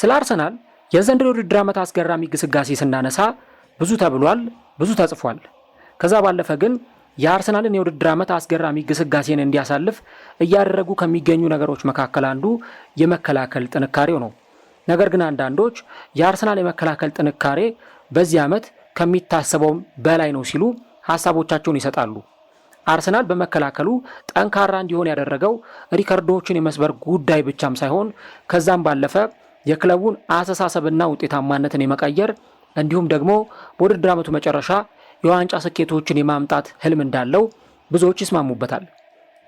ስለ አርሰናል የዘንድሮ ውድድር ዓመት አስገራሚ ግስጋሴ ስናነሳ ብዙ ተብሏል፣ ብዙ ተጽፏል። ከዛ ባለፈ ግን የአርሰናልን የውድድር ዓመት አስገራሚ ግስጋሴን እንዲያሳልፍ እያደረጉ ከሚገኙ ነገሮች መካከል አንዱ የመከላከል ጥንካሬው ነው። ነገር ግን አንዳንዶች የአርሰናል የመከላከል ጥንካሬ በዚህ ዓመት ከሚታሰበውም በላይ ነው ሲሉ ሀሳቦቻቸውን ይሰጣሉ። አርሰናል በመከላከሉ ጠንካራ እንዲሆን ያደረገው ሪከርዶችን የመስበር ጉዳይ ብቻም ሳይሆን ከዛም ባለፈ የክለቡን አስተሳሰብና ውጤታማነትን የመቀየር እንዲሁም ደግሞ በውድድር ዓመቱ መጨረሻ የዋንጫ ስኬቶችን የማምጣት ህልም እንዳለው ብዙዎች ይስማሙበታል።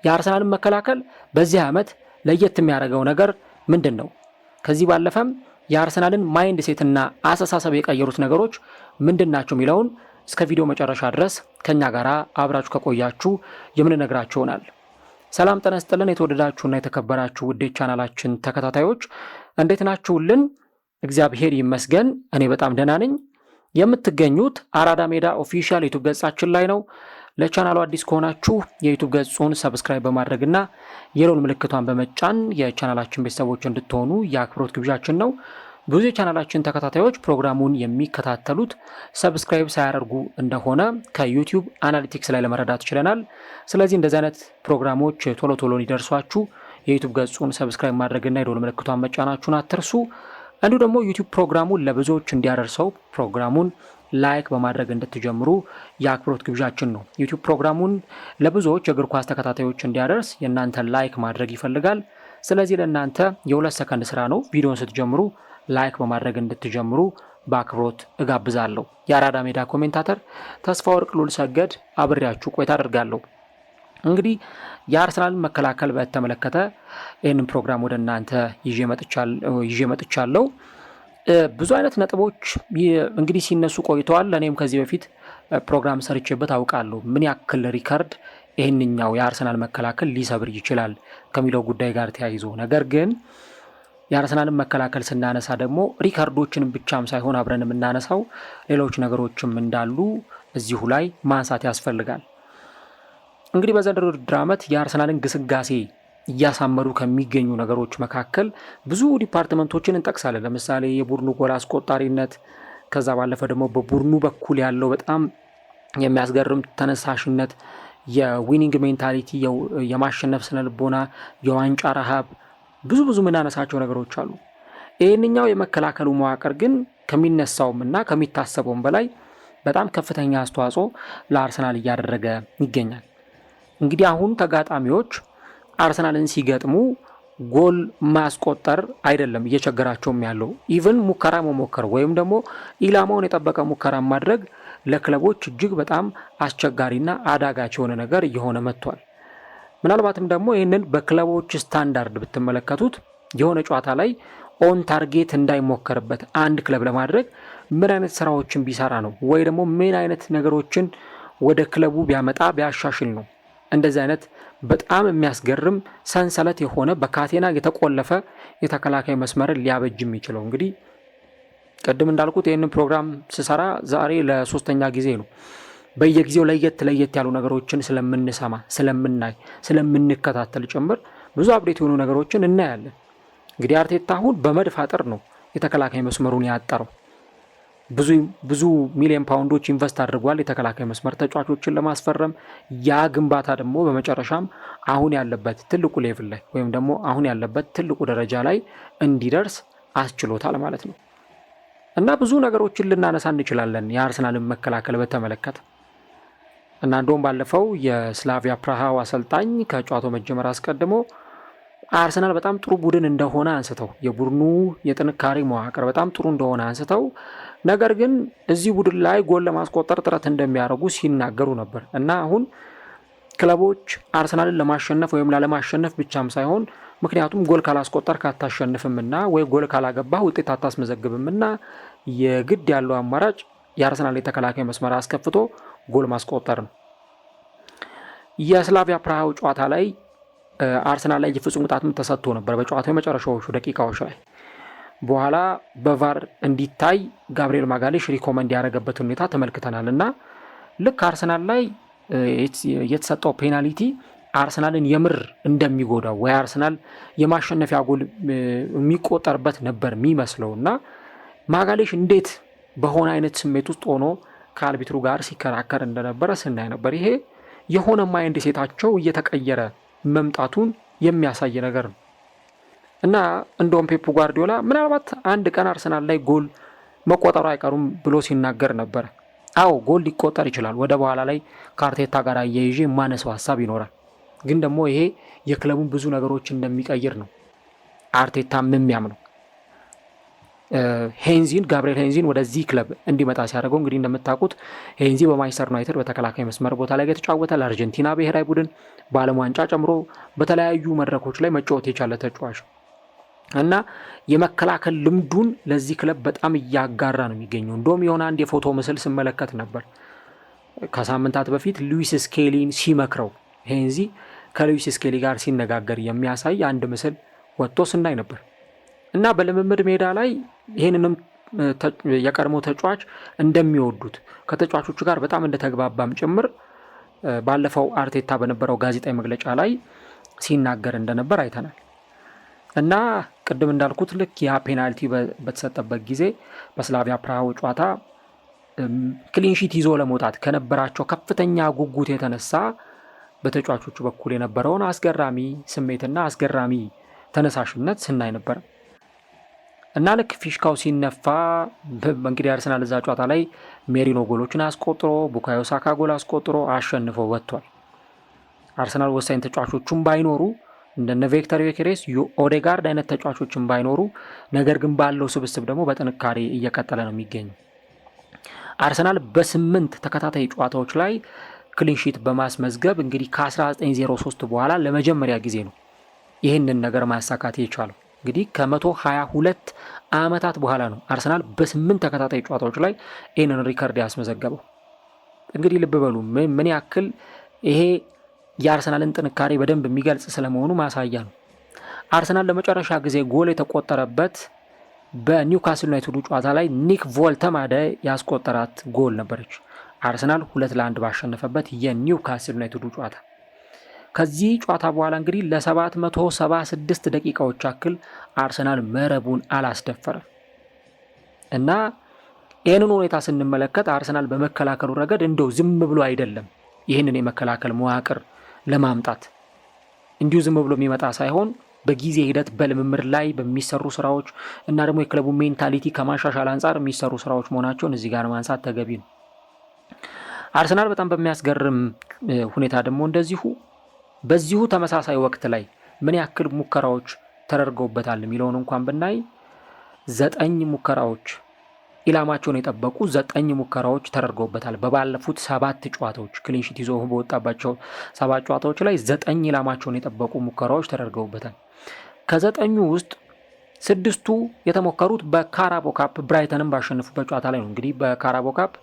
የአርሰናልን መከላከል በዚህ ዓመት ለየት የሚያደርገው ነገር ምንድን ነው? ከዚህ ባለፈም የአርሰናልን ማይንድ ሴትና አስተሳሰብ የቀየሩት ነገሮች ምንድን ናቸው የሚለውን እስከ ቪዲዮ መጨረሻ ድረስ ከእኛ ጋር አብራችሁ ከቆያችሁ የምንነግራችሁ ይሆናል። ሰላም ጠነስጥለን የተወደዳችሁና የተከበራችሁ ውዴ ቻናላችን ተከታታዮች እንዴት ናችሁልን? እግዚአብሔር ይመስገን እኔ በጣም ደህና ነኝ። የምትገኙት አራዳ ሜዳ ኦፊሻል ዩቱብ ገጻችን ላይ ነው። ለቻናሉ አዲስ ከሆናችሁ የዩቱብ ገጹን ሰብስክራይብ በማድረግና የሎል ምልክቷን በመጫን የቻናላችን ቤተሰቦች እንድትሆኑ የአክብሮት ግብዣችን ነው። ብዙ የቻናላችን ተከታታዮች ፕሮግራሙን የሚከታተሉት ሰብስክራይብ ሳያደርጉ እንደሆነ ከዩቲዩብ አናሊቲክስ ላይ ለመረዳት ችለናል። ስለዚህ እንደዚህ አይነት ፕሮግራሞች ቶሎ ቶሎ ሊደርሷችሁ የዩቱብ ገጹን ሰብስክራይብ ማድረግና የደወል ምልክቷን መጫናችሁን አትርሱ። እንዲሁ ደግሞ ዩቱብ ፕሮግራሙን ለብዙዎች እንዲያደርሰው ፕሮግራሙን ላይክ በማድረግ እንድትጀምሩ የአክብሮት ግብዣችን ነው። ዩቱብ ፕሮግራሙን ለብዙዎች የእግር ኳስ ተከታታዮች እንዲያደርስ የእናንተን ላይክ ማድረግ ይፈልጋል። ስለዚህ ለእናንተ የሁለት ሰከንድ ስራ ነው። ቪዲዮን ስትጀምሩ ላይክ በማድረግ እንድትጀምሩ በአክብሮት እጋብዛለሁ። የአራዳ ሜዳ ኮሜንታተር ተስፋ ወርቅ ሉል ሰገድ አብሬያችሁ ቆይታ አደርጋለሁ። እንግዲህ የአርሰናልን መከላከል በተመለከተ ይህንን ፕሮግራም ወደ እናንተ ይዤ መጥቻለሁ። ብዙ አይነት ነጥቦች እንግዲህ ሲነሱ ቆይተዋል። እኔም ከዚህ በፊት ፕሮግራም ሰርቼበት አውቃለሁ። ምን ያክል ሪከርድ ይህንኛው የአርሰናል መከላከል ሊሰብር ይችላል ከሚለው ጉዳይ ጋር ተያይዞ ነገር ግን የአርሰናልን መከላከል ስናነሳ ደግሞ ሪከርዶችንም ብቻም ሳይሆን አብረን የምናነሳው ሌሎች ነገሮችም እንዳሉ እዚሁ ላይ ማንሳት ያስፈልጋል። እንግዲህ በዘንድሮ ውድድር ዓመት የአርሰናልን ግስጋሴ እያሳመሩ ከሚገኙ ነገሮች መካከል ብዙ ዲፓርትመንቶችን እንጠቅሳለን። ለምሳሌ የቡድኑ ጎል አስቆጣሪነት፣ ከዛ ባለፈ ደግሞ በቡድኑ በኩል ያለው በጣም የሚያስገርም ተነሳሽነት፣ የዊኒንግ ሜንታሊቲ፣ የማሸነፍ ስነልቦና፣ የዋንጫ ረሃብ፣ ብዙ ብዙ የምናነሳቸው ነገሮች አሉ። ይህንኛው የመከላከሉ መዋቅር ግን ከሚነሳውም እና ከሚታሰበውም በላይ በጣም ከፍተኛ አስተዋጽኦ ለአርሰናል እያደረገ ይገኛል። እንግዲህ አሁን ተጋጣሚዎች አርሰናልን ሲገጥሙ ጎል ማስቆጠር አይደለም እየቸገራቸውም ያለው ኢቨን ሙከራ መሞከር ወይም ደግሞ ኢላማውን የጠበቀ ሙከራ ማድረግ ለክለቦች እጅግ በጣም አስቸጋሪና አዳጋች የሆነ ነገር እየሆነ መጥቷል። ምናልባትም ደግሞ ይህንን በክለቦች ስታንዳርድ ብትመለከቱት የሆነ ጨዋታ ላይ ኦን ታርጌት እንዳይሞከርበት አንድ ክለብ ለማድረግ ምን አይነት ስራዎችን ቢሰራ ነው ወይ ደግሞ ምን አይነት ነገሮችን ወደ ክለቡ ቢያመጣ ቢያሻሽል ነው እንደዚህ አይነት በጣም የሚያስገርም ሰንሰለት የሆነ በካቴና የተቆለፈ የተከላካይ መስመርን ሊያበጅ የሚችለው እንግዲህ ቅድም እንዳልኩት ይህንን ፕሮግራም ስሰራ ዛሬ ለሶስተኛ ጊዜ ነው። በየጊዜው ለየት ለየት ያሉ ነገሮችን ስለምንሰማ፣ ስለምናይ፣ ስለምንከታተል ጭምር ብዙ አብዴት የሆኑ ነገሮችን እናያለን። እንግዲህ አርቴታ አሁን በመድፍ አጥር ነው የተከላካይ መስመሩን ያጠረው። ብዙ ሚሊዮን ፓውንዶች ኢንቨስት አድርጓል የተከላካይ መስመር ተጫዋቾችን ለማስፈረም። ያ ግንባታ ደግሞ በመጨረሻም አሁን ያለበት ትልቁ ሌቭል ላይ ወይም ደግሞ አሁን ያለበት ትልቁ ደረጃ ላይ እንዲደርስ አስችሎታል ማለት ነው እና ብዙ ነገሮችን ልናነሳ እንችላለን የአርሰናልን መከላከል በተመለከተ እና እንደውም ባለፈው የስላቪያ ፕራሃው አሰልጣኝ ከጨዋታው መጀመር አስቀድሞ አርሰናል በጣም ጥሩ ቡድን እንደሆነ አንስተው የቡድኑ የጥንካሬ መዋቅር በጣም ጥሩ እንደሆነ አንስተው ነገር ግን እዚህ ቡድን ላይ ጎል ለማስቆጠር ጥረት እንደሚያደርጉ ሲናገሩ ነበር እና አሁን ክለቦች አርሰናልን ለማሸነፍ ወይም ላለማሸነፍ ብቻም ሳይሆን ምክንያቱም ጎል ካላስቆጠር ካታሸንፍምና ወይ ጎል ካላገባ ውጤት እና የግድ ያለው አማራጭ የአርሰናል የተከላካይ መስመር አስከፍቶ ጎል ማስቆጠር ነው። የስላቪያ ፕራሃው ጨዋታ ላይ አርሰናል ላይ የፍጹም ቅጣት ተሰጥቶ ነበር በጨዋታው የመጨረሻዎቹ ደቂቃዎች ላይ። በኋላ በቫር እንዲታይ ጋብሪኤል ማጋሌሽ ሪኮመንድ ያደረገበትን ሁኔታ ተመልክተናል እና ልክ አርሰናል ላይ የተሰጠው ፔናልቲ አርሰናልን የምር እንደሚጎዳው ወይ አርሰናል የማሸነፊያ ጎል የሚቆጠርበት ነበር የሚመስለው እና ማጋሌሽ እንዴት በሆነ አይነት ስሜት ውስጥ ሆኖ ከአልቢትሩ ጋር ሲከራከር እንደነበረ ስናይ ነበር። ይሄ የሆነ ማይንድ ሴታቸው እየተቀየረ መምጣቱን የሚያሳይ ነገር ነው እና እንደውም ፔፕ ጓርዲዮላ ምናልባት አንድ ቀን አርሰናል ላይ ጎል መቆጠሩ አይቀሩም ብሎ ሲናገር ነበረ። አዎ ጎል ሊቆጠር ይችላል። ወደ በኋላ ላይ ከአርቴታ ጋር አያይዤ የማነሰው ሀሳብ ይኖራል። ግን ደግሞ ይሄ የክለቡን ብዙ ነገሮች እንደሚቀይር ነው አርቴታ የሚያምነው። ሄንዚን ጋብሪኤል ሄንዚን ወደዚህ ክለብ እንዲመጣ ሲያደርገው እንግዲህ እንደምታውቁት ሄንዚ በማንቸስተር ዩናይትድ በተከላካይ መስመር ቦታ ላይ የተጫወተ ለአርጀንቲና ብሔራዊ ቡድን በዓለም ዋንጫ ጨምሮ በተለያዩ መድረኮች ላይ መጫወት የቻለ ተጫዋች እና የመከላከል ልምዱን ለዚህ ክለብ በጣም እያጋራ ነው የሚገኘው። እንደውም የሆነ አንድ የፎቶ ምስል ስመለከት ነበር ከሳምንታት በፊት ሉዊስ ስኬሊን ሲመክረው ሄንዚ ከሉዊስ ስኬሊ ጋር ሲነጋገር የሚያሳይ አንድ ምስል ወጥቶ ስናይ ነበር እና በልምምድ ሜዳ ላይ ይህንንም የቀድሞ ተጫዋች እንደሚወዱት ከተጫዋቾቹ ጋር በጣም እንደተግባባም ጭምር ባለፈው አርቴታ በነበረው ጋዜጣዊ መግለጫ ላይ ሲናገር እንደነበር አይተናል እና ቅድም እንዳልኩት ልክ ያ ፔናልቲ በተሰጠበት ጊዜ በስላቪያ ፕራሃው ጨዋታ ክሊንሺት ይዞ ለመውጣት ከነበራቸው ከፍተኛ ጉጉት የተነሳ በተጫዋቾቹ በኩል የነበረውን አስገራሚ ስሜትና አስገራሚ ተነሳሽነት ስናይ ነበር። እና ልክ ፊሽካው ሲነፋ እንግዲህ አርሰናል እዛ ጨዋታ ላይ ሜሪኖ ጎሎችን አስቆጥሮ ቡካዮ ሳካ ጎል አስቆጥሮ አሸንፎ ወጥቷል። አርሰናል ወሳኝ ተጫዋቾቹም ባይኖሩ እንደነ ቬክተር ዮኬሬስ፣ ኦዴጋርድ አይነት ተጫዋቾችን ባይኖሩ፣ ነገር ግን ባለው ስብስብ ደግሞ በጥንካሬ እየቀጠለ ነው የሚገኙ አርሰናል በስምንት ተከታታይ ጨዋታዎች ላይ ክሊንሺት በማስመዝገብ እንግዲህ ከ1903 በኋላ ለመጀመሪያ ጊዜ ነው ይህንን ነገር ማሳካት የቻለው። እንግዲህ ከመቶ ሀያ ሁለት ዓመታት በኋላ ነው አርሰናል በስምንት ተከታታይ ጨዋታዎች ላይ ይህንን ሪከርድ ያስመዘገበው። እንግዲህ ልብ በሉ ምን ያክል ይሄ የአርሰናልን ጥንካሬ በደንብ የሚገልጽ ስለመሆኑ ማሳያ ነው። አርሰናል ለመጨረሻ ጊዜ ጎል የተቆጠረበት በኒውካስል ዩናይትዱ ጨዋታ ላይ ኒክ ቮልተማደ ያስቆጠራት ጎል ነበረች። አርሰናል ሁለት ለአንድ ባሸነፈበት የኒውካስል ዩናይትዱ ጨዋታ ከዚህ ጨዋታ በኋላ እንግዲህ ለ776 ደቂቃዎች ያክል አርሰናል መረቡን አላስደፈረም እና ይህንን ሁኔታ ስንመለከት አርሰናል በመከላከሉ ረገድ እንደው ዝም ብሎ አይደለም ይህንን የመከላከል መዋቅር ለማምጣት እንዲሁ ዝም ብሎ የሚመጣ ሳይሆን በጊዜ ሂደት በልምምድ ላይ በሚሰሩ ስራዎች እና ደግሞ የክለቡ ሜንታሊቲ ከማሻሻል አንጻር የሚሰሩ ስራዎች መሆናቸውን እዚህ ጋር ማንሳት ተገቢ ነው። አርሰናል በጣም በሚያስገርም ሁኔታ ደግሞ እንደዚሁ በዚሁ ተመሳሳይ ወቅት ላይ ምን ያክል ሙከራዎች ተደርገውበታል የሚለውን እንኳን ብናይ ዘጠኝ ሙከራዎች ኢላማቸውን የጠበቁ ዘጠኝ ሙከራዎች ተደርገውበታል። በባለፉት ሰባት ጨዋታዎች ክሊንሽት ይዞ በወጣባቸው ሰባት ጨዋታዎች ላይ ዘጠኝ ኢላማቸውን የጠበቁ ሙከራዎች ተደርገውበታል። ከዘጠኙ ውስጥ ስድስቱ የተሞከሩት በካራቦ ካፕ ብራይተንም ባሸነፉበት ጨዋታ ላይ ነው። እንግዲህ በካራቦ ካፕ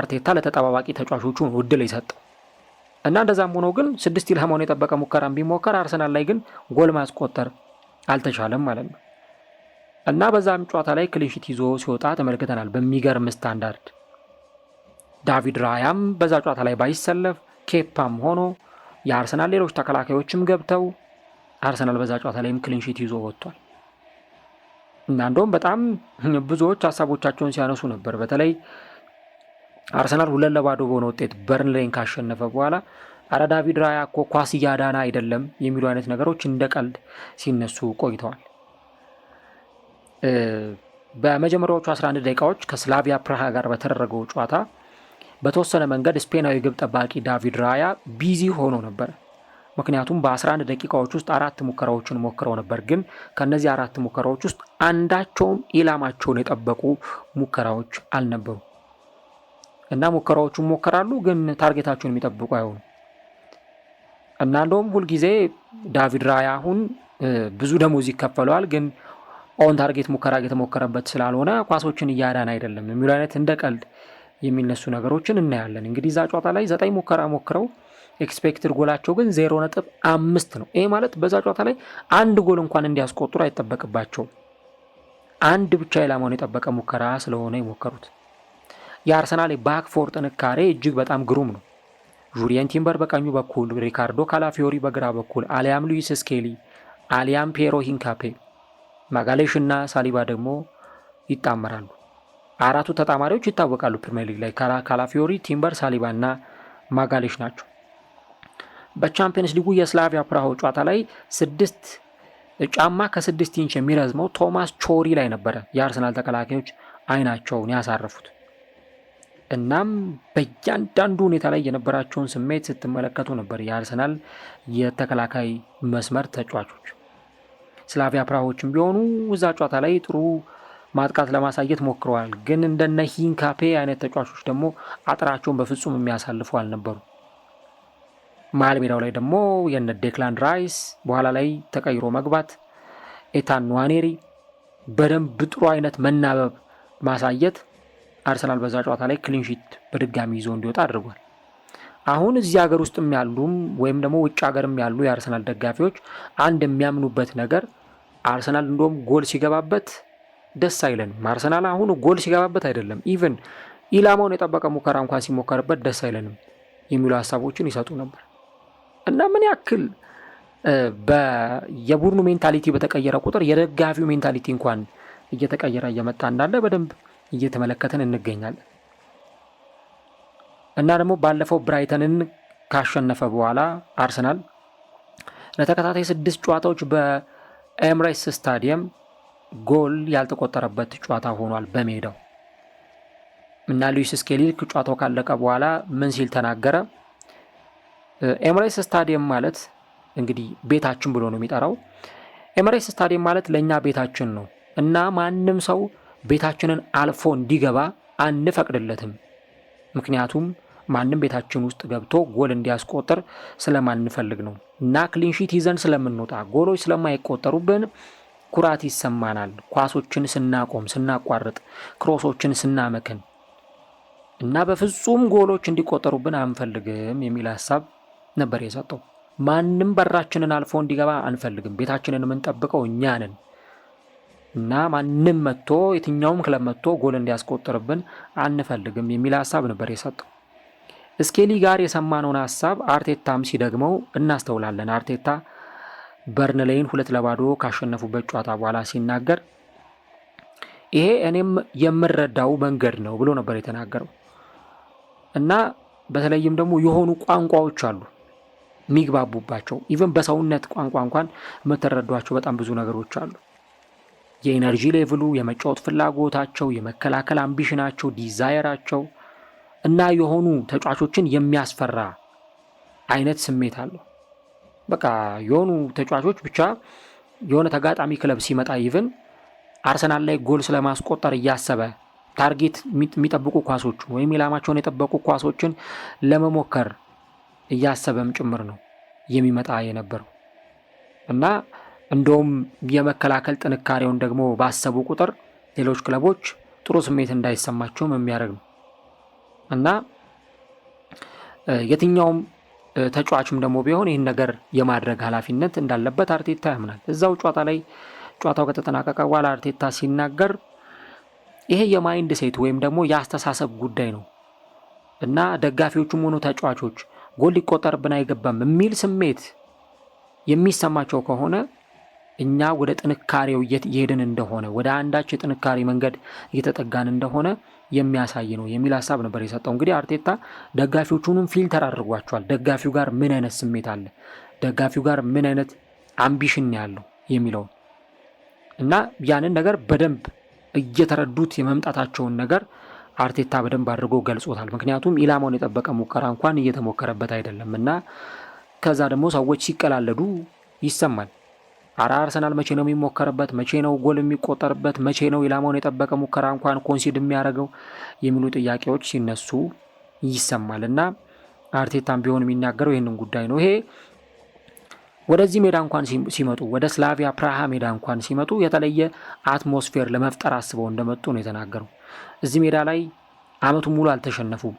አርቴታ ለተጠባባቂ ተጫዋቾቹ ነው እድል የሰጠው። እና እንደዛም ሆኖ ግን ስድስት ኢላማውን የጠበቀ ሙከራን ቢሞከር አርሰናል ላይ ግን ጎል ማስቆጠር አልተቻለም ማለት ነው። እና በዛም ጨዋታ ላይ ክሊንሽት ይዞ ሲወጣ ተመልክተናል በሚገርም ስታንዳርድ። ዳቪድ ራያም በዛ ጨዋታ ላይ ባይሰለፍ ኬፓም ሆኖ የአርሰናል ሌሎች ተከላካዮችም ገብተው አርሰናል በዛ ጨዋታ ላይም ክሊንሽት ይዞ ወጥቷል። እና እንደውም በጣም ብዙዎች ሀሳቦቻቸውን ሲያነሱ ነበር በተለይ አርሰናል ሁለት ለባዶ በሆነ ውጤት በርንሌን ካሸነፈ በኋላ አረ ዳቪድ ራያ እኮ ኳስ እያዳና አይደለም የሚሉ አይነት ነገሮች እንደ ቀልድ ሲነሱ ቆይተዋል። በመጀመሪያዎቹ 11 ደቂቃዎች ከስላቪያ ፕራሃ ጋር በተደረገው ጨዋታ በተወሰነ መንገድ ስፔናዊ ግብ ጠባቂ ዳቪድ ራያ ቢዚ ሆኖ ነበር። ምክንያቱም በ11 ደቂቃዎች ውስጥ አራት ሙከራዎችን ሞክረው ነበር። ግን ከእነዚህ አራት ሙከራዎች ውስጥ አንዳቸውም ኢላማቸውን የጠበቁ ሙከራዎች አልነበሩ። እና ሙከራዎቹ ሞከራሉ ግን ታርጌታቸውን የሚጠብቁ አይሆኑ እና እንደውም ሁልጊዜ ዳቪድ ራያ አሁን ብዙ ደሞዝ ይከፈለዋል፣ ግን ኦን ታርጌት ሙከራ የተሞከረበት ስላልሆነ ኳሶችን እያዳን አይደለም የሚሉ አይነት እንደ ቀልድ የሚነሱ ነገሮችን እናያለን። እንግዲህ እዛ ጨዋታ ላይ ዘጠኝ ሙከራ ሞክረው ኤክስፔክትድ ጎላቸው ግን ዜሮ ነጥብ አምስት ነው። ይህ ማለት በዛ ጨዋታ ላይ አንድ ጎል እንኳን እንዲያስቆጥሩ አይጠበቅባቸውም። አንድ ብቻ ኢላማውን የጠበቀ ሙከራ ስለሆነ የሞከሩት የአርሰናል የባክፎር ጥንካሬ እጅግ በጣም ግሩም ነው። ጁሪየን ቲምበር በቀኙ በኩል ሪካርዶ ካላፊዮሪ በግራ በኩል አሊያም ሉዊስ ስኬሊ አሊያም ፔሮ ሂንካፔ ማጋሌሽ እና ሳሊባ ደግሞ ይጣመራሉ። አራቱ ተጣማሪዎች ይታወቃሉ። ፕሪምየር ሊግ ላይ ካላፊዮሪ፣ ቲምበር፣ ሳሊባ እና ማጋሌሽ ናቸው። በቻምፒየንስ ሊጉ የስላቪያ ፕራሆ ጨዋታ ላይ ስድስት ጫማ ከስድስት ኢንች የሚረዝመው ቶማስ ቾሪ ላይ ነበረ የአርሰናል ተከላካዮች አይናቸውን ያሳረፉት። እናም በእያንዳንዱ ሁኔታ ላይ የነበራቸውን ስሜት ስትመለከቱ ነበር የአርሰናል የተከላካይ መስመር ተጫዋቾች። ስላቪያ ፕራሆችም ቢሆኑ እዛ ጨዋታ ላይ ጥሩ ማጥቃት ለማሳየት ሞክረዋል። ግን እንደነ ሂንካፔ አይነት ተጫዋቾች ደግሞ አጥራቸውን በፍጹም የሚያሳልፉ አልነበሩ። መሀል ሜዳው ላይ ደግሞ የነ ዴክላንድ ራይስ በኋላ ላይ ተቀይሮ መግባት፣ ኤታን ኗኔሪ በደንብ ጥሩ አይነት መናበብ ማሳየት አርሰናል በዛ ጨዋታ ላይ ክሊንሺት በድጋሚ ይዞ እንዲወጣ አድርጓል። አሁን እዚህ ሀገር ውስጥም ያሉም ወይም ደግሞ ውጭ ሀገርም ያሉ የአርሰናል ደጋፊዎች አንድ የሚያምኑበት ነገር አርሰናል እንደውም ጎል ሲገባበት ደስ አይለንም። አርሰናል አሁን ጎል ሲገባበት አይደለም ኢቨን ኢላማውን የጠበቀ ሙከራ እንኳን ሲሞከርበት ደስ አይለንም የሚሉ ሀሳቦችን ይሰጡ ነበር እና ምን ያክል የቡድኑ ሜንታሊቲ በተቀየረ ቁጥር የደጋፊው ሜንታሊቲ እንኳን እየተቀየረ እየመጣ እንዳለ በደንብ እየተመለከትን እንገኛለን እና ደግሞ ባለፈው ብራይተንን ካሸነፈ በኋላ አርሰናል ለተከታታይ ስድስት ጨዋታዎች በኤምሬትስ ስታዲየም ጎል ያልተቆጠረበት ጨዋታ ሆኗል በሜዳው እና ሉዊስ ስኬሊ ጨዋታው ካለቀ በኋላ ምን ሲል ተናገረ? ኤምሬትስ ስታዲየም ማለት እንግዲህ ቤታችን ብሎ ነው የሚጠራው። ኤምሬትስ ስታዲየም ማለት ለእኛ ቤታችን ነው እና ማንም ሰው ቤታችንን አልፎ እንዲገባ አንፈቅድለትም። ምክንያቱም ማንም ቤታችን ውስጥ ገብቶ ጎል እንዲያስቆጥር ስለማንፈልግ ነው እና ክሊንሺት ይዘን ስለምንወጣ ጎሎች ስለማይቆጠሩብን ኩራት ይሰማናል። ኳሶችን ስናቆም፣ ስናቋርጥ፣ ክሮሶችን ስናመክን እና በፍጹም ጎሎች እንዲቆጠሩብን አንፈልግም የሚል ሀሳብ ነበር የሰጠው። ማንም በራችንን አልፎ እንዲገባ አንፈልግም። ቤታችንን የምንጠብቀው እኛ ነን። እና ማንም መጥቶ የትኛውም ክለብ መጥቶ ጎል እንዲያስቆጥርብን አንፈልግም የሚል ሀሳብ ነበር የሰጠው። እስኬሊ ጋር የሰማነውን ሀሳብ አርቴታም ሲደግመው እናስተውላለን። አርቴታ በርንሌይን ሁለት ለባዶ ካሸነፉበት ጨዋታ በኋላ ሲናገር ይሄ እኔም የምረዳው መንገድ ነው ብሎ ነበር የተናገረው እና በተለይም ደግሞ የሆኑ ቋንቋዎች አሉ የሚግባቡባቸው ኢቨን በሰውነት ቋንቋ እንኳን የምትረዷቸው በጣም ብዙ ነገሮች አሉ የኢነርጂ ሌቭሉ፣ የመጫወት ፍላጎታቸው፣ የመከላከል አምቢሽናቸው፣ ዲዛየራቸው እና የሆኑ ተጫዋቾችን የሚያስፈራ አይነት ስሜት አለው። በቃ የሆኑ ተጫዋቾች ብቻ የሆነ ተጋጣሚ ክለብ ሲመጣ ይብን አርሰናል ላይ ጎል ስለማስቆጠር እያሰበ ታርጌት የሚጠብቁ ኳሶችን ወይም ኢላማቸውን የጠበቁ ኳሶችን ለመሞከር እያሰበም ጭምር ነው የሚመጣ የነበረው እና እንደውም የመከላከል ጥንካሬውን ደግሞ ባሰቡ ቁጥር ሌሎች ክለቦች ጥሩ ስሜት እንዳይሰማቸውም የሚያደርግ ነው እና የትኛውም ተጫዋችም ደግሞ ቢሆን ይህን ነገር የማድረግ ኃላፊነት እንዳለበት አርቴታ ያምናል። እዛው ጨዋታ ላይ ጨዋታው ከተጠናቀቀ በኋላ አርቴታ ሲናገር ይሄ የማይንድ ሴት ወይም ደግሞ የአስተሳሰብ ጉዳይ ነው እና ደጋፊዎቹም ሆኑ ተጫዋቾች ጎል ሊቆጠርብን አይገባም የሚል ስሜት የሚሰማቸው ከሆነ እኛ ወደ ጥንካሬው እየሄድን እንደሆነ ወደ አንዳች የጥንካሬ መንገድ እየተጠጋን እንደሆነ የሚያሳይ ነው የሚል ሀሳብ ነበር የሰጠው። እንግዲህ አርቴታ ደጋፊዎቹንም ፊልተር አድርጓቸዋል። ደጋፊው ጋር ምን አይነት ስሜት አለ፣ ደጋፊው ጋር ምን አይነት አምቢሽን ያለው የሚለውን እና ያንን ነገር በደንብ እየተረዱት የመምጣታቸውን ነገር አርቴታ በደንብ አድርጎ ገልጾታል። ምክንያቱም ኢላማውን የጠበቀ ሙከራ እንኳን እየተሞከረበት አይደለም እና ከዛ ደግሞ ሰዎች ሲቀላለዱ ይሰማል። አረ አርሰናል መቼ ነው የሚሞከርበት? መቼ ነው ጎል የሚቆጠርበት? መቼ ነው ኢላማውን የጠበቀ ሙከራ እንኳን ኮንሲድ የሚያደርገው? የሚሉ ጥያቄዎች ሲነሱ ይሰማል እና አርቴታም ቢሆን የሚናገረው ይህንን ጉዳይ ነው። ይሄ ወደዚህ ሜዳ እንኳን ሲመጡ ወደ ስላቪያ ፕራሃ ሜዳ እንኳን ሲመጡ የተለየ አትሞስፌር ለመፍጠር አስበው እንደመጡ ነው የተናገረው። እዚህ ሜዳ ላይ አመቱን ሙሉ አልተሸነፉም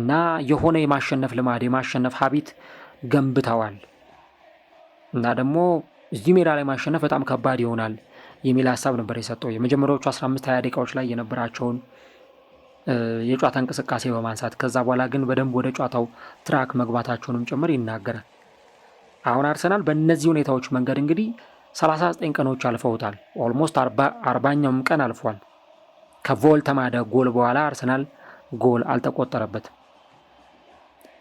እና የሆነ የማሸነፍ ልማድ የማሸነፍ ሀቢት ገንብተዋል እና ደግሞ እዚህ ሜዳ ላይ ማሸነፍ በጣም ከባድ ይሆናል የሚል ሀሳብ ነበር የሰጠው። የመጀመሪያዎቹ 15 20 ደቂቃዎች ላይ የነበራቸውን የጨዋታ እንቅስቃሴ በማንሳት ከዛ በኋላ ግን በደንብ ወደ ጨዋታው ትራክ መግባታቸውንም ጭምር ይናገራል። አሁን አርሰናል በእነዚህ ሁኔታዎች መንገድ እንግዲህ 39 ቀኖች አልፈውታል። ኦልሞስት አርባኛውም ቀን አልፏል። ከቮልተማደ ጎል በኋላ አርሰናል ጎል አልተቆጠረበትም።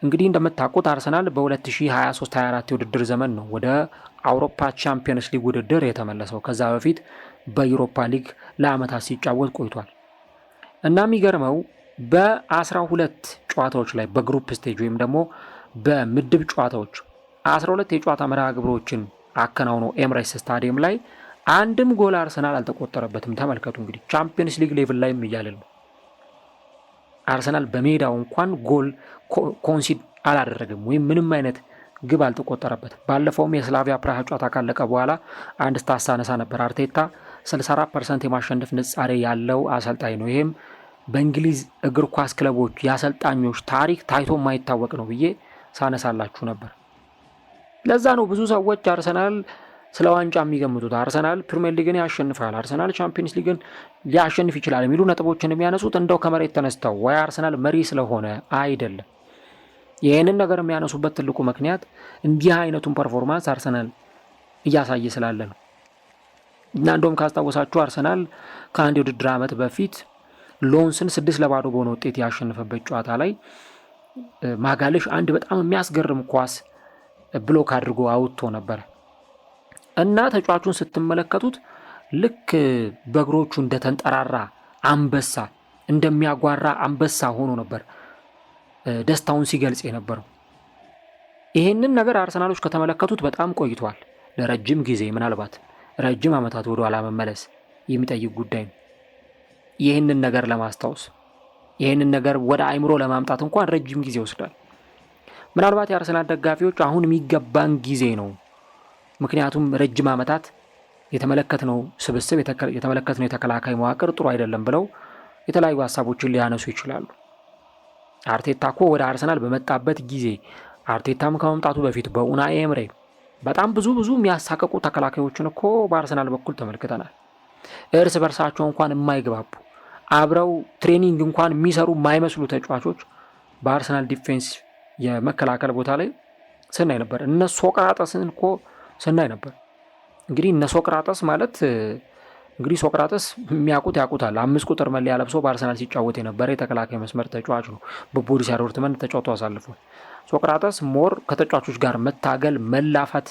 እንግዲህ እንደምታውቁት አርሰናል በ2023/24 የውድድር ዘመን ነው ወደ አውሮፓ ቻምፒየንስ ሊግ ውድድር የተመለሰው። ከዛ በፊት በዩሮፓ ሊግ ለአመታት ሲጫወት ቆይቷል እና የሚገርመው በአስራ ሁለት ጨዋታዎች ላይ በግሩፕ ስቴጅ ወይም ደግሞ በምድብ ጨዋታዎች አስራ ሁለት የጨዋታ መርሃ ግብሮችን አከናውኖ ኤምሬትስ ስታዲየም ላይ አንድም ጎል አርሰናል አልተቆጠረበትም። ተመልከቱ እንግዲህ ቻምፒየንስ ሊግ ሌቭል ላይም እያለ ነው። አርሰናል በሜዳው እንኳን ጎል ኮንሲድ አላደረገም ወይም ምንም አይነት ግብ አልተቆጠረበትም። ባለፈውም የስላቪያ ፕራሃ ጨዋታ ካለቀ በኋላ አንድ ስታሳ ነሳ ነበር። አርቴታ 64 ፐርሰንት የማሸነፍ ንጻሬ ያለው አሰልጣኝ ነው። ይህም በእንግሊዝ እግር ኳስ ክለቦች የአሰልጣኞች ታሪክ ታይቶ የማይታወቅ ነው ብዬ ሳነሳላችሁ ነበር። ለዛ ነው ብዙ ሰዎች አርሰናል ስለ ዋንጫ የሚገምቱት አርሰናል ፕሪሚየር ሊግን ያሸንፋል፣ አርሰናል ቻምፒየንስ ሊግን ሊያሸንፍ ይችላል የሚሉ ነጥቦችን የሚያነሱት እንደው ከመሬት ተነስተው ወይ አርሰናል መሪ ስለሆነ አይደለም። ይህንን ነገር የሚያነሱበት ትልቁ ምክንያት እንዲህ አይነቱን ፐርፎርማንስ አርሰናል እያሳየ ስላለ ነው እና እንደውም ካስታወሳችሁ አርሰናል ከአንድ የውድድር ዓመት በፊት ሎንስን ስድስት ለባዶ በሆነ ውጤት ያሸነፈበት ጨዋታ ላይ ማጋለሽ አንድ በጣም የሚያስገርም ኳስ ብሎክ አድርጎ አውጥቶ ነበረ እና ተጫዋቹን ስትመለከቱት ልክ በእግሮቹ እንደተንጠራራ አንበሳ እንደሚያጓራ አንበሳ ሆኖ ነበር ደስታውን ሲገልጽ የነበረው። ይህንን ነገር አርሰናሎች ከተመለከቱት በጣም ቆይተዋል። ለረጅም ጊዜ ምናልባት ረጅም ዓመታት ወደ ኋላ መመለስ የሚጠይቅ ጉዳይ ነው። ይህንን ነገር ለማስታወስ ይህንን ነገር ወደ አይምሮ ለማምጣት እንኳን ረጅም ጊዜ ይወስዳል። ምናልባት የአርሰናል ደጋፊዎች አሁን የሚገባን ጊዜ ነው። ምክንያቱም ረጅም ዓመታት የተመለከትነው ስብስብ የተመለከትነው የተከላካይ መዋቅር ጥሩ አይደለም ብለው የተለያዩ ሀሳቦችን ሊያነሱ ይችላሉ። አርቴታ እኮ ወደ አርሰናል በመጣበት ጊዜ አርቴታም ከመምጣቱ በፊት በኡናይ ኤምሬ በጣም ብዙ ብዙ የሚያሳቀቁ ተከላካዮችን እኮ በአርሰናል በኩል ተመልክተናል። እርስ በርሳቸው እንኳን የማይግባቡ አብረው ትሬኒንግ እንኳን የሚሰሩ የማይመስሉ ተጫዋቾች በአርሰናል ዲፌንስ የመከላከል ቦታ ላይ ስናይ ነበር። እነ ሶቅራጠስን እኮ ስናይ ነበር። እንግዲህ እነ ሶቅራጠስ ማለት እንግዲህ ሶቅራጥስ የሚያውቁት ያውቁታል። አምስት ቁጥር መለያ ለብሶ በአርሰናል ሲጫወት የነበረ የተከላካይ መስመር ተጫዋች ነው። በቦሩሲያ ዶርትመንድ ተጫውቶ አሳልፏል። ሶቅራጥስ ሞር ከተጫዋቾች ጋር መታገል፣ መላፋት፣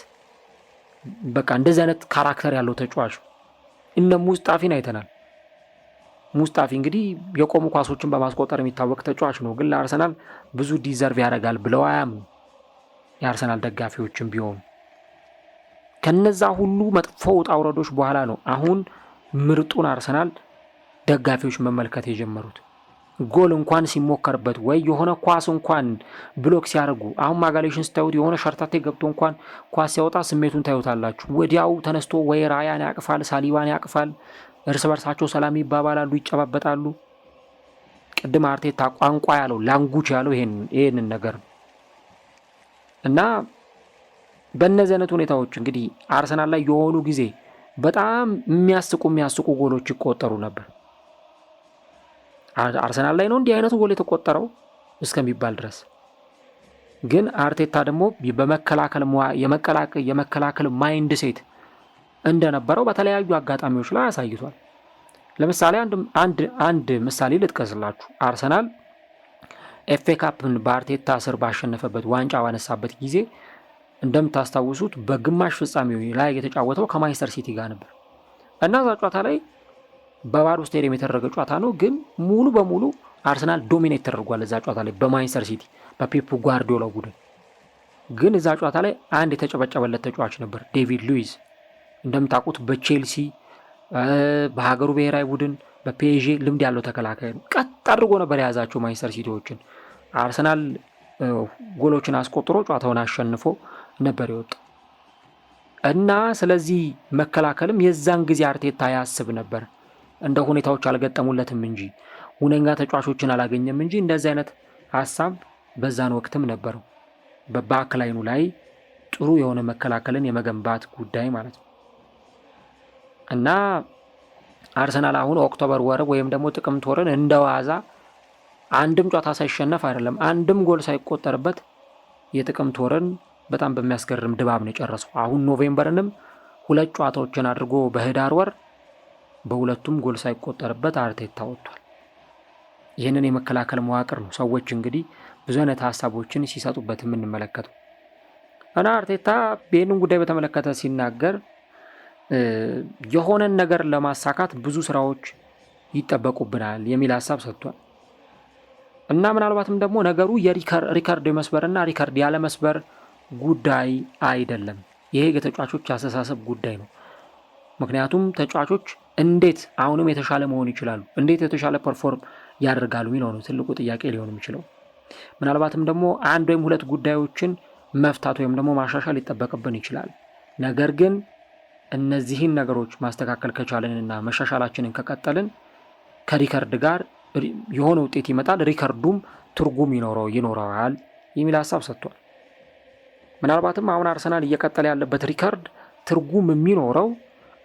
በቃ እንደዚህ አይነት ካራክተር ያለው ተጫዋች እነ ሙስጣፊን አይተናል። ሙስጣፊ እንግዲህ የቆሙ ኳሶችን በማስቆጠር የሚታወቅ ተጫዋች ነው፣ ግን ለአርሰናል ብዙ ዲዘርቭ ያደርጋል ብለው አያምኑ የአርሰናል ደጋፊዎችም ቢሆኑ ከነዛ ሁሉ መጥፎ ውጣ ውረዶች በኋላ ነው አሁን ምርጡን አርሰናል ደጋፊዎች መመልከት የጀመሩት ጎል እንኳን ሲሞከርበት ወይ የሆነ ኳስ እንኳን ብሎክ ሲያደርጉ፣ አሁን ማጋሌሽን ስታዩት የሆነ ሸርታቴ ገብቶ እንኳን ኳስ ሲያወጣ ስሜቱን ታዩታላችሁ። ወዲያው ተነስቶ ወይ ራያን ያቅፋል፣ ሳሊባን ያቅፋል፣ እርስ በርሳቸው ሰላም ይባባላሉ፣ ይጨባበጣሉ። ቅድም አርቴታ ቋንቋ ያለው ላንጉች ያለው ይሄንን ነገር እና በእነዚህ አይነት ሁኔታዎች እንግዲህ አርሰናል ላይ የሆኑ ጊዜ በጣም የሚያስቁ የሚያስቁ ጎሎች ይቆጠሩ ነበር። አርሰናል ላይ ነው እንዲህ አይነቱ ጎል የተቆጠረው እስከሚባል ድረስ ግን አርቴታ ደግሞ በመከላከል የመከላከል ማይንድ ሴት እንደነበረው በተለያዩ አጋጣሚዎች ላይ አሳይቷል። ለምሳሌ አንድ ምሳሌ ልጥቀስላችሁ። አርሰናል ኤፌ ካፕን በአርቴታ ስር ባሸነፈበት ዋንጫ ባነሳበት ጊዜ እንደምታስታውሱት በግማሽ ፍጻሜ ላይ የተጫወተው ከማንቸስተር ሲቲ ጋር ነበር እና እዛ ጨዋታ ላይ በባዶ ስቴዲየም የተደረገ ጨዋታ ነው፣ ግን ሙሉ በሙሉ አርሰናል ዶሚኔት ተደርጓል። እዛ ጨዋታ ላይ በማንቸስተር ሲቲ በፔፕ ጓርዲዮላ ቡድን ግን እዛ ጨዋታ ላይ አንድ የተጨበጨበለት ተጫዋች ነበር፣ ዴቪድ ሉዊዝ እንደምታውቁት በቼልሲ በሀገሩ ብሔራዊ ቡድን በፒኤስጂ ልምድ ያለው ተከላካይ ነው። ቀጥ አድርጎ ነበር የያዛቸው ማንቸስተር ሲቲዎችን። አርሰናል ጎሎችን አስቆጥሮ ጨዋታውን አሸንፎ ነበር የወጣው እና ስለዚህ መከላከልም የዛን ጊዜ አርቴታ ያስብ ነበር። እንደ ሁኔታዎች አልገጠሙለትም እንጂ ሁነኛ ተጫዋቾችን አላገኘም እንጂ እንደዚህ አይነት ሀሳብ በዛን ወቅትም ነበረው። በባክላይኑ ላይ ጥሩ የሆነ መከላከልን የመገንባት ጉዳይ ማለት ነው እና አርሰናል አሁን ኦክቶበር ወር ወይም ደግሞ ጥቅምት ወርን እንደ ዋዛ አንድም ጨዋታ ሳይሸነፍ አይደለም አንድም ጎል ሳይቆጠርበት የጥቅምት ወርን በጣም በሚያስገርም ድባብ ነው የጨረሰው። አሁን ኖቬምበርንም ሁለት ጨዋታዎችን አድርጎ በህዳር ወር በሁለቱም ጎል ሳይቆጠርበት አርቴታ ወጥቷል። ይህንን የመከላከል መዋቅር ነው ሰዎች እንግዲህ ብዙ አይነት ሀሳቦችን ሲሰጡበት የምንመለከተው እና አርቴታ ይህንን ጉዳይ በተመለከተ ሲናገር የሆነን ነገር ለማሳካት ብዙ ስራዎች ይጠበቁብናል የሚል ሀሳብ ሰጥቷል። እና ምናልባትም ደግሞ ነገሩ የሪከርድ የመስበርና ሪከርድ ያለመስበር ጉዳይ አይደለም። ይሄ የተጫዋቾች አስተሳሰብ ጉዳይ ነው። ምክንያቱም ተጫዋቾች እንዴት አሁንም የተሻለ መሆን ይችላሉ፣ እንዴት የተሻለ ፐርፎርም ያደርጋሉ የሚለው ነው ትልቁ ጥያቄ ሊሆን የሚችለው። ምናልባትም ደግሞ አንድ ወይም ሁለት ጉዳዮችን መፍታት ወይም ደግሞ ማሻሻል ሊጠበቅብን ይችላል። ነገር ግን እነዚህን ነገሮች ማስተካከል ከቻልንና መሻሻላችንን ከቀጠልን ከሪከርድ ጋር የሆነ ውጤት ይመጣል፣ ሪከርዱም ትርጉም ይኖረው ይኖረዋል የሚል ሀሳብ ሰጥቷል። ምናልባትም አሁን አርሰናል እየቀጠለ ያለበት ሪከርድ ትርጉም የሚኖረው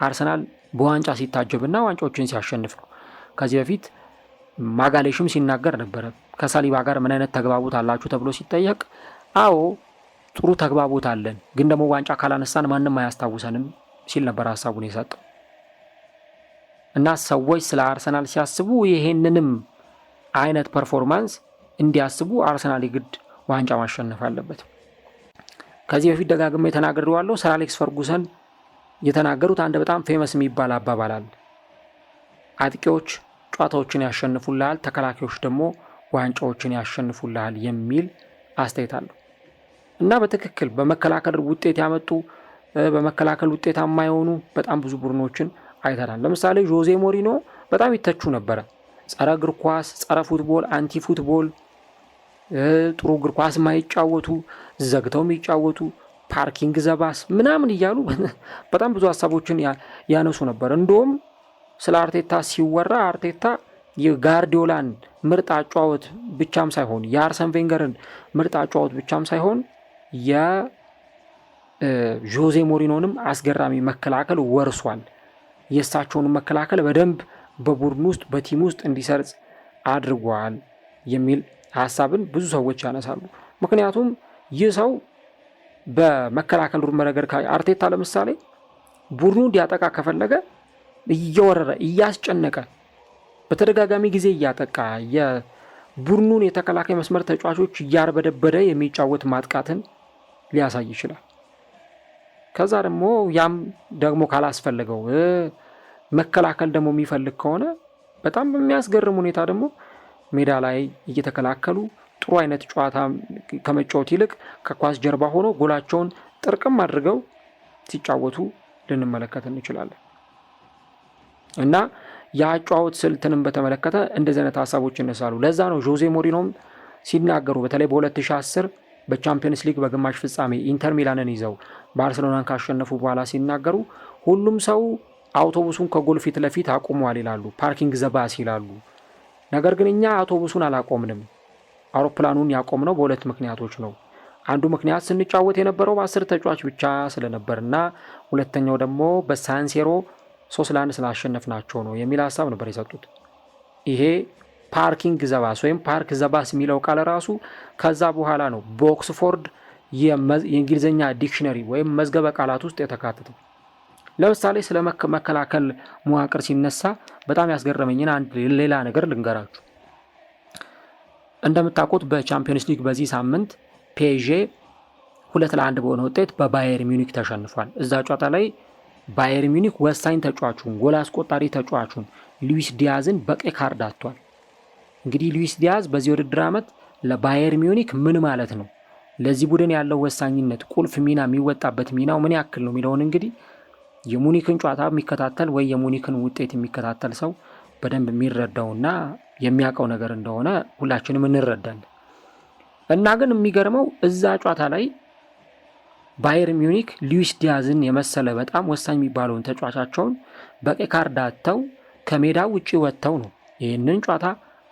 አርሰናል በዋንጫ ሲታጀብና ዋንጫዎችን ሲያሸንፍ ነው። ከዚህ በፊት ማጋሌሽም ሲናገር ነበረ ከሳሊባ ጋር ምን አይነት ተግባቦት አላችሁ ተብሎ ሲጠየቅ፣ አዎ ጥሩ ተግባቦት አለን፣ ግን ደግሞ ዋንጫ ካላነሳን ማንም አያስታውሰንም ሲል ነበር ሀሳቡን የሰጠው እና ሰዎች ስለ አርሰናል ሲያስቡ ይሄንንም አይነት ፐርፎርማንስ እንዲያስቡ አርሰናል የግድ ዋንጫ ማሸነፍ አለበት። ከዚህ በፊት ደጋግሜ ተናግሬዋለሁ። ሰር አሌክስ ፈርጉሰን የተናገሩት አንድ በጣም ፌመስ የሚባል አባባል አለ። አጥቂዎች ጨዋታዎችን ያሸንፉልሃል፣ ተከላካዮች ደግሞ ዋንጫዎችን ያሸንፉልሃል የሚል አስተያየት አለሁ እና በትክክል በመከላከል ውጤት ያመጡ በመከላከል ውጤታማ የሆኑ በጣም ብዙ ቡድኖችን አይተናል። ለምሳሌ ዦዜ ሞሪኖ በጣም ይተቹ ነበረ። ጸረ እግር ኳስ፣ ጸረ ፉትቦል፣ አንቲ ፉትቦል ጥሩ እግር ኳስ ማይጫወቱ ዘግተው የሚጫወቱ ፓርኪንግ ዘባስ ምናምን እያሉ በጣም ብዙ ሀሳቦችን ያነሱ ነበር። እንደውም ስለ አርቴታ ሲወራ አርቴታ የጋርዲዮላን ምርጥ አጫወት ብቻም ሳይሆን የአርሰን ቬንገርን ምርጥ አጫወት ብቻም ሳይሆን የዦዜ ሞሪኖንም አስገራሚ መከላከል ወርሷል። የእሳቸውን መከላከል በደንብ በቡድን ውስጥ በቲም ውስጥ እንዲሰርጽ አድርጓል የሚል ሀሳብን ብዙ ሰዎች ያነሳሉ። ምክንያቱም ይህ ሰው በመከላከል ሩመ ነገር አርቴታ ለምሳሌ ቡድኑ እንዲያጠቃ ከፈለገ እየወረረ እያስጨነቀ በተደጋጋሚ ጊዜ እያጠቃ የቡድኑን የተከላካይ መስመር ተጫዋቾች እያርበደበደ የሚጫወት ማጥቃትን ሊያሳይ ይችላል። ከዛ ደግሞ ያም ደግሞ ካላስፈለገው መከላከል ደግሞ የሚፈልግ ከሆነ በጣም በሚያስገርም ሁኔታ ደግሞ ሜዳ ላይ እየተከላከሉ ጥሩ አይነት ጨዋታ ከመጫወት ይልቅ ከኳስ ጀርባ ሆኖ ጎላቸውን ጥርቅም አድርገው ሲጫወቱ ልንመለከት እንችላለን እና የአጨዋወት ስልትንም በተመለከተ እንደዚህ አይነት ሀሳቦች ይነሳሉ። ለዛ ነው ዦዜ ሞሪኖም ሲናገሩ በተለይ በ2010 በቻምፒየንስ ሊግ በግማሽ ፍጻሜ ኢንተር ሚላንን ይዘው ባርሴሎናን ካሸነፉ በኋላ ሲናገሩ ሁሉም ሰው አውቶቡሱን ከጎል ፊት ለፊት አቁመዋል ይላሉ፣ ፓርኪንግ ዘባስ ይላሉ። ነገር ግን እኛ አውቶቡሱን አላቆምንም። አውሮፕላኑን ያቆምነው በሁለት ምክንያቶች ነው። አንዱ ምክንያት ስንጫወት የነበረው በአስር ተጫዋች ብቻ ስለነበርና ሁለተኛው ደግሞ በሳንሴሮ ሶስት ለአንድ ስላሸነፍናቸው ነው የሚል ሀሳብ ነበር የሰጡት። ይሄ ፓርኪንግ ዘባስ ወይም ፓርክ ዘባስ የሚለው ቃል ራሱ ከዛ በኋላ ነው በኦክስፎርድ የእንግሊዝኛ ዲክሽነሪ ወይም መዝገበ ቃላት ውስጥ የተካተተው። ለምሳሌ ስለ መከላከል መዋቅር ሲነሳ በጣም ያስገረመኝን አንድ ሌላ ነገር ልንገራችሁ። እንደምታውቁት በቻምፒዮንስ ሊግ በዚህ ሳምንት ፔዤ ሁለት ለአንድ በሆነ ውጤት በባየር ሚኒክ ተሸንፏል። እዛ ጨዋታ ላይ ባየር ሚኒክ ወሳኝ ተጫዋቹን ጎል አስቆጣሪ ተጫዋቹን ሉዊስ ዲያዝን በቀይ ካርድ አጥቷል። እንግዲህ ሉዊስ ዲያዝ በዚህ ውድድር ዓመት ለባየር ሚኒክ ምን ማለት ነው፣ ለዚህ ቡድን ያለው ወሳኝነት ቁልፍ ሚና የሚወጣበት ሚናው ምን ያክል ነው የሚለውን እንግዲህ የሙኒክን ጨዋታ የሚከታተል ወይ የሙኒክን ውጤት የሚከታተል ሰው በደንብ የሚረዳውና የሚያውቀው ነገር እንደሆነ ሁላችንም እንረዳለን። እና ግን የሚገርመው እዛ ጨዋታ ላይ ባየር ሚዩኒክ ሉዊስ ዲያዝን የመሰለ በጣም ወሳኝ የሚባለውን ተጫዋቻቸውን በቀይ ካርድ አጥተው ከሜዳ ውጭ ወጥተው ነው ይህንን ጨዋታ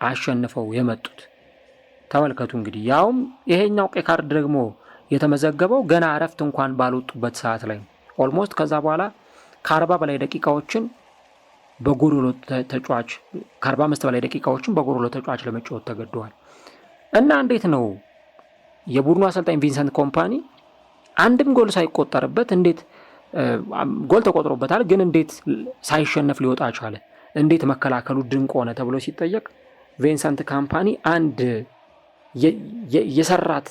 አሸንፈው የመጡት። ተመልከቱ እንግዲህ ያውም ይሄኛው ቀይ ካርድ ደግሞ የተመዘገበው ገና እረፍት እንኳን ባልወጡበት ሰዓት ላይ ነው ኦልሞስት ከዛ በኋላ ከአርባ በላይ ደቂቃዎችን በጎዶሎ ተጫዋች ከአርባ አምስት በላይ ደቂቃዎችን በጎዶሎ ተጫዋች ለመጫወት ተገደዋል እና እንዴት ነው የቡድኑ አሰልጣኝ ቪንሰንት ኮምፓኒ አንድም ጎል ሳይቆጠርበት እንዴት ጎል ተቆጥሮበታል፣ ግን እንዴት ሳይሸነፍ ሊወጣ ቻለ? እንዴት መከላከሉ ድንቅ ሆነ ተብሎ ሲጠየቅ ቪንሰንት ካምፓኒ አንድ የሰራት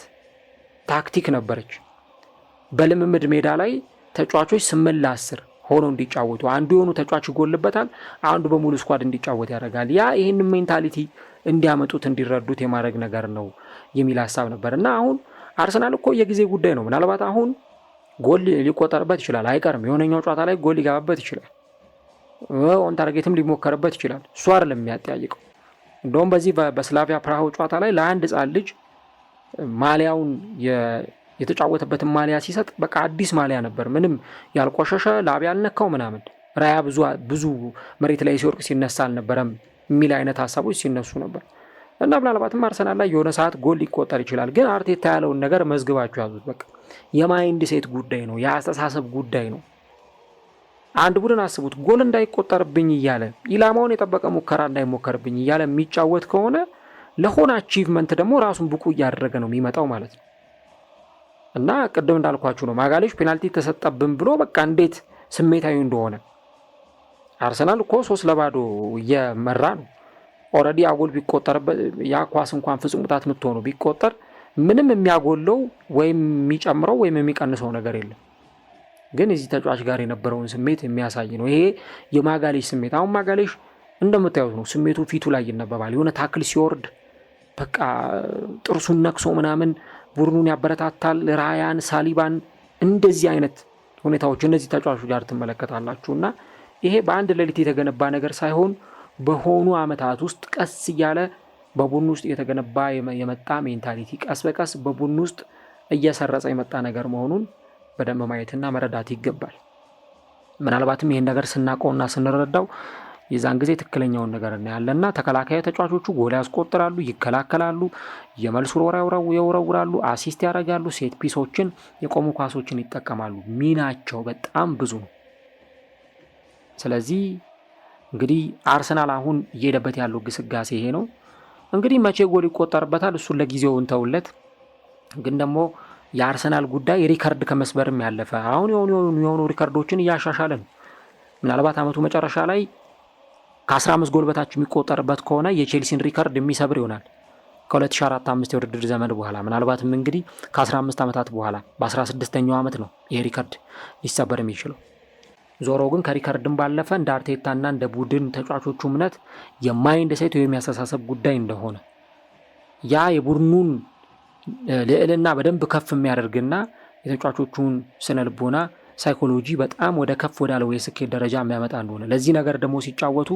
ታክቲክ ነበረች። በልምምድ ሜዳ ላይ ተጫዋቾች ስምንት ለአስር ሆነው እንዲጫወቱ አንዱ የሆኑ ተጫዋች ይጎልበታል፣ አንዱ በሙሉ ስኳድ እንዲጫወት ያደርጋል። ያ ይህን ሜንታሊቲ እንዲያመጡት እንዲረዱት የማድረግ ነገር ነው የሚል ሀሳብ ነበር እና አሁን አርሰናል እኮ የጊዜ ጉዳይ ነው። ምናልባት አሁን ጎል ሊቆጠርበት ይችላል፣ አይቀርም። የሆነኛው ጨዋታ ላይ ጎል ሊገባበት ይችላል፣ ኦን ታርጌትም ሊሞከርበት ይችላል። እሱ አይደለም የሚያጠያይቀው። እንደውም በዚህ በስላቪያ ፕራሃው ጨዋታ ላይ ለአንድ ሕፃን ልጅ ማሊያውን የተጫወተበትን ማሊያ ሲሰጥ በቃ አዲስ ማሊያ ነበር። ምንም ያልቆሸሸ ላብ ያልነካው ምናምን ራያ ብዙ ብዙ መሬት ላይ ሲወርቅ ሲነሳ አልነበረም የሚል አይነት ሀሳቦች ሲነሱ ነበር እና ምናልባትም አርሰናል ላይ የሆነ ሰዓት ጎል ሊቆጠር ይችላል። ግን አርቴታ ያለውን ነገር መዝግባችሁ ያዙት። በቃ የማይንድ ሴት ጉዳይ ነው፣ የአስተሳሰብ ጉዳይ ነው። አንድ ቡድን አስቡት፣ ጎል እንዳይቆጠርብኝ እያለ ኢላማውን የጠበቀ ሙከራ እንዳይሞከርብኝ እያለ የሚጫወት ከሆነ ለሆነ አቺቭመንት ደግሞ ራሱን ብቁ እያደረገ ነው የሚመጣው ማለት ነው። እና ቅድም እንዳልኳችሁ ነው ማጋሌሽ ፔናልቲ ተሰጠብን ብሎ በቃ እንዴት ስሜታዊ እንደሆነ አርሰናል እኮ ሶስት ለባዶ እየመራ ነው። ኦረዲ አጎል ቢቆጠርበት ያ ኳስ እንኳን ፍጹም ቅጣት ምት ቢቆጠር ምንም የሚያጎለው ወይም የሚጨምረው ወይም የሚቀንሰው ነገር የለም። ግን እዚህ ተጫዋች ጋር የነበረውን ስሜት የሚያሳይ ነው። ይሄ የማጋሌሽ ስሜት አሁን ማጋሌሽ እንደምታዩት ነው። ስሜቱ ፊቱ ላይ ይነበባል። የሆነ ታክል ሲወርድ በቃ ጥርሱን ነክሶ ምናምን ቡድኑን ያበረታታል። ራያን ሳሊባን እንደዚህ አይነት ሁኔታዎች እነዚህ ተጫዋቾች ጋር ትመለከታላችሁ እና ይሄ በአንድ ሌሊት የተገነባ ነገር ሳይሆን በሆኑ ዓመታት ውስጥ ቀስ እያለ በቡድን ውስጥ የተገነባ የመጣ ሜንታሊቲ ቀስ በቀስ በቡድን ውስጥ እየሰረጸ የመጣ ነገር መሆኑን በደንብ ማየትና መረዳት ይገባል። ምናልባትም ይህን ነገር ስናውቀውና ስንረዳው የዛን ጊዜ ትክክለኛውን ነገር እናያለና እና ተከላካዩ ተጫዋቾቹ ጎል ያስቆጥራሉ፣ ይከላከላሉ፣ የመልስ የውረውራሉ፣ አሲስት ያደርጋሉ፣ ሴት ፒሶችን፣ የቆሙ ኳሶችን ይጠቀማሉ። ሚናቸው በጣም ብዙ ነው። ስለዚህ እንግዲህ አርሰናል አሁን እየሄደበት ያለው ግስጋሴ ይሄ ነው። እንግዲህ መቼ ጎል ይቆጠርበታል እሱን ለጊዜው እንተውለት። ግን ደግሞ የአርሰናል ጉዳይ ሪከርድ ከመስበርም ያለፈ አሁን የሆኑ የሆኑ ሪከርዶችን እያሻሻለ ነው። ምናልባት አመቱ መጨረሻ ላይ ከ15 ጎል በታች የሚቆጠርበት ከሆነ የቼልሲን ሪከርድ የሚሰብር ይሆናል። 2045 የውድድር ዘመን በኋላ ምናልባትም እንግዲህ ከ15 ዓመታት በኋላ በ16ኛው ዓመት ነው ይሄ ሪከርድ ሊሰበር የሚችለው። ዞሮ ግን ከሪከርድን ባለፈ እንደ አርቴታና እንደ ቡድን ተጫዋቾቹ እምነት የማይንድ ሴት ወይም ያስተሳሰብ ጉዳይ እንደሆነ ያ የቡድኑን ልዕልና በደንብ ከፍ የሚያደርግና የተጫዋቾቹን ስነ ልቦና ሳይኮሎጂ በጣም ወደ ከፍ ወዳለው የስኬት ደረጃ የሚያመጣ እንደሆነ ለዚህ ነገር ደግሞ ሲጫወቱ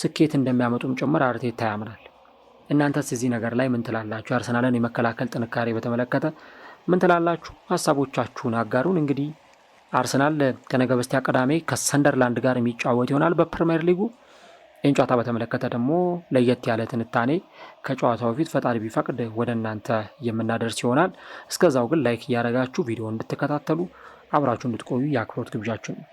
ስኬት እንደሚያመጡም ጭምር አርቴታ ያምናል። እናንተስ እዚህ ነገር ላይ ምን ትላላችሁ? የአርሰናልን የመከላከል ጥንካሬ በተመለከተ ምን ትላላችሁ? ሀሳቦቻችሁን አጋሩን። እንግዲህ አርሰናል ከነገ በስቲያ ቅዳሜ ከሰንደርላንድ ጋር የሚጫወት ይሆናል በፕሪምየር ሊጉ። ይህን ጨዋታ በተመለከተ ደግሞ ለየት ያለ ትንታኔ ከጨዋታው በፊት ፈጣሪ ቢፈቅድ ወደ እናንተ የምናደርስ ይሆናል። እስከዛው ግን ላይክ እያደረጋችሁ ቪዲዮ እንድትከታተሉ አብራችሁ እንድትቆዩ የአክብሮት ግብዣችን ነው።